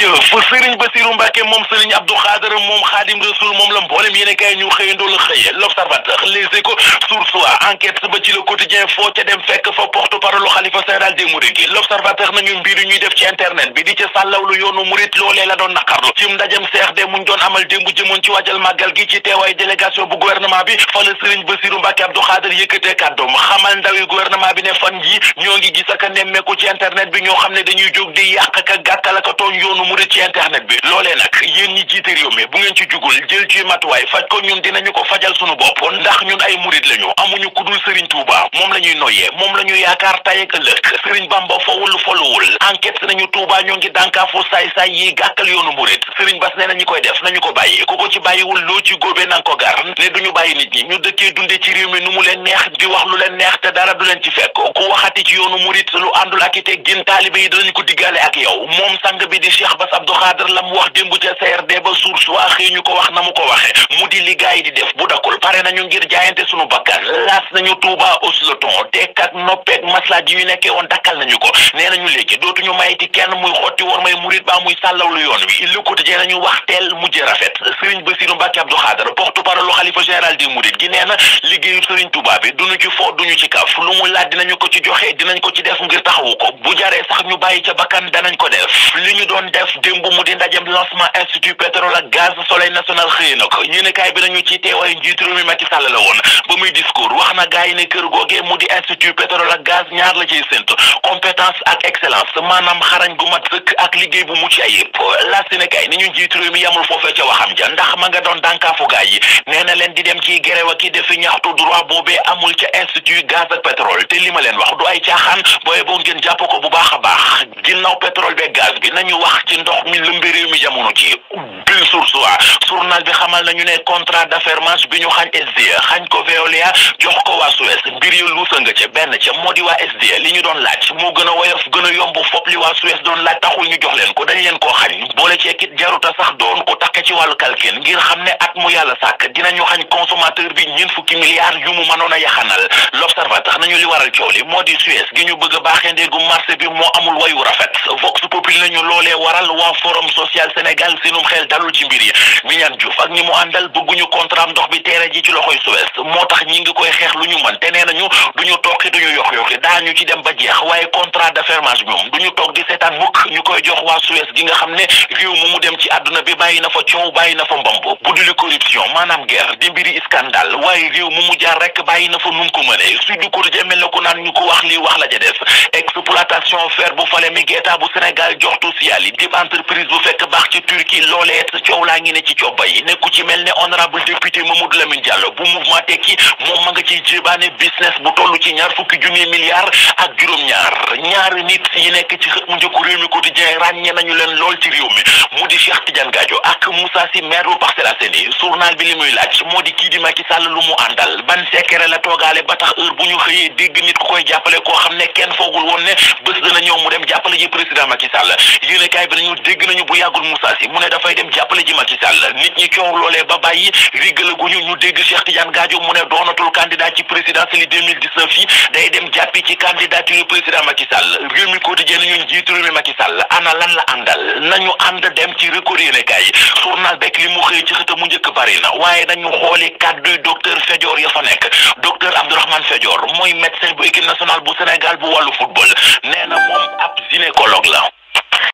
jërëjëf sëriñ Basiru Mbàkke moom sëriñ Abdu Xaadar moom Xaadim Rasuul moom la mboolem yéen a kaay ñu xëyandoo la xëye l'Observateur Les Échos enquête ba ci le quotidien foo ca dem fekk fa ñuy def ci internet bi di ca sàllawlu yoonu murit loolee la doon naqarlu ci ndajem CRD muñ doon amal gi ci teewaay délégation bu gouvernement bi fa la ne fan yi ñoo bi ñoo xam ne dañuy jóg ka gàttal aka yoonu murit internet bi loolee nag yéen ñi jiite réew mi bu ngeen ci jugul jël ci matuwaay faj ko ñun dinañu ko fajal sunu bopp ndax ñun ay murit lañu amuñu ku dul Serigne Touba moom la ñuy noyyee moom la ñuy yaakaar tay ak ëllëg Serigne Bamba fawul folowul enquête nañu Touba ñoo ngi dànkaafu saay-saay yi gàkkal yoonu murit Serigne Bass nee na ñi koy def nañu ko bàyyi ku ko ci bàyyiwul loo ci góobee nanga ko gar ne duñu bàyyi nit ñi ñu dëkkee dunde ci réew mi nu mu leen neex di wax lu leen neex te dara du leen ci fekk ku waxati ci yoonu murit lu àndul ak ite gin taalibe yi danañu ko diggaale ak yow moom sang bi di Cheikh Bass Abdou Khadre la mu wax démb ca CRD ba source waa ñu ko wax na mu ko waxe mu di li gaay di def bu dakul pare nañu ngir jaayante sunu bakkan tas nañu Touba Ousleton te kat noppeeg maslaat yi ñu nekkee woon dakkal nañu ko nee nañu léegi dootuñu mayiti kenn muy xotti woon may murit baa muy sàllawlu yoon wi lu quotidien nañu waxteel mujj rafet Serigne Bassirou Mbacké Abdou Khadre porte-parole xalifa général des mourides gi nee na liggéeyu Serigne Touba du duñu ci du duñu ci kaf lu mu laaj dinañu ko ci joxe dinañ ko ci def ngir taxawu ko bu jaree sax ñu bàyyi ca bakkan danañ ko def li ñu doon def démb mu di ndajem lancement institut pétrole ak gaz soleil national xëy na ko ñenekaay bi nañu ci teewaay njiitu réew mi Macky Sall woon ba muy discours kaay ne kër googee mu di institut pétrole ak gaz ñaar la ciy séntu compétence ak excellence maanaam xarañ gu mat sëkk ak liggéey bu mucc ayib laasi ne kaay ni ñu njiitu réew mi yamul foofee ca waxam ja ndax ma nga doon dànkaafu gaay yi nee na leen di dem ciy gerew ak ki defi ñaxtu droit boobee amul ca institut gaz ak pétrole te li ma leen wax du ay caaxaan booye boo ngeen jàpp ko bu baax a baax ginnaaw pétrole beeg gaz bi nañu wax ci ndox mi lëmbi réew mi mi jamono ji bil sursuwa journal bi xamal nañu ne contrat d'affermage bi ñu xañ SDE xañ ko Veolia jox ko waa Suez mbir yu luusa nga ca benn ca moo di waa SDE li ñu doon laaj moo gën a woyof gën a yomb fop li waa Suez doon laaj taxul ñu jox leen ko dañ leen koo xañ boole cee kit jaruta sax doon ko takke ci wàllu kalkin ngir xam ne at mu yàlla sàkk dinañu xañ consommateur bi ñeent fukki milliards yu mu mënoon a yaxanal l'observateur nañu li waral moo di Suez gi ñu bëgg a Sénégal Sénégal sinum xel dalul ci mbir yi Mignane Diouf ak ñi mu àndal bëgguñu contrat ndox bi teere ji ci loxoy Suez moo tax ñi ngi koy xeex lu ñu mën te nee nañu duñu toqi duñu yox yoxi daañu ci dem ba jeex waaye contrat de fermage bi moom duñu toog di seetaan mukk ñu koy jox waa Suez gi nga xam ne réew mu mu dem ci àdduna bi bàyyi na fa coow bàyyi na fa mbamb bu dul corruption maanaam guerre di mbiri scandale waaye réew mu mu jaar rek bàyyi na fa nun na ko naan ñu ko wax lii bu fale bu Sénégal baax ci Turquie loolee coow laa ngi ne ci coppa yi nekku ci mel ne honorable député Mamadou Lamine Diallo bu mouvement tekki moom ma nga ciy jébaane business bu toll ci ñaar fukki junni milliards ak juróom-ñaar ñaari nit yi nekk ci xët mu njëkku réew mi quotidien ràññee nañu leen lool ci réew mi mu di Cheikh Tidiane Gadio ak Moussa Sy maire bu Parcelles Assainies journal bi li muy laaj moo di kii di Macky sàll lu mu àndal ban sekkere la toogaale ba tax heure bu ñu xëyee dégg nit ku koy jàppale koo xam ne kenn foogul woon ne bés dana ñëw mu dem jàppale ji président Macky Sall yéene kaay bi nañu dégg nañu bu yàggul Moussa Sy mu ne dafay dem jàppale ji Macky nit ñi coow loolee ba bàyyi riggalaguñu ñu dégg Cheikh Tidiane Gadio mu ne doonatul candidat ci présidentielle 2019 yi day dem jàppi ci candidature président Macky Sall réew mi quotidien ñu njiitu réew mi Macky la àndal nañu ànd dem ci record yéene kaay li mu xëy ci xëta mu njëkk bari waaye nañu xooli kàdduy docteur Fedior ya fa nekk docteur Abdourahmane Fedior mooy médecin bu la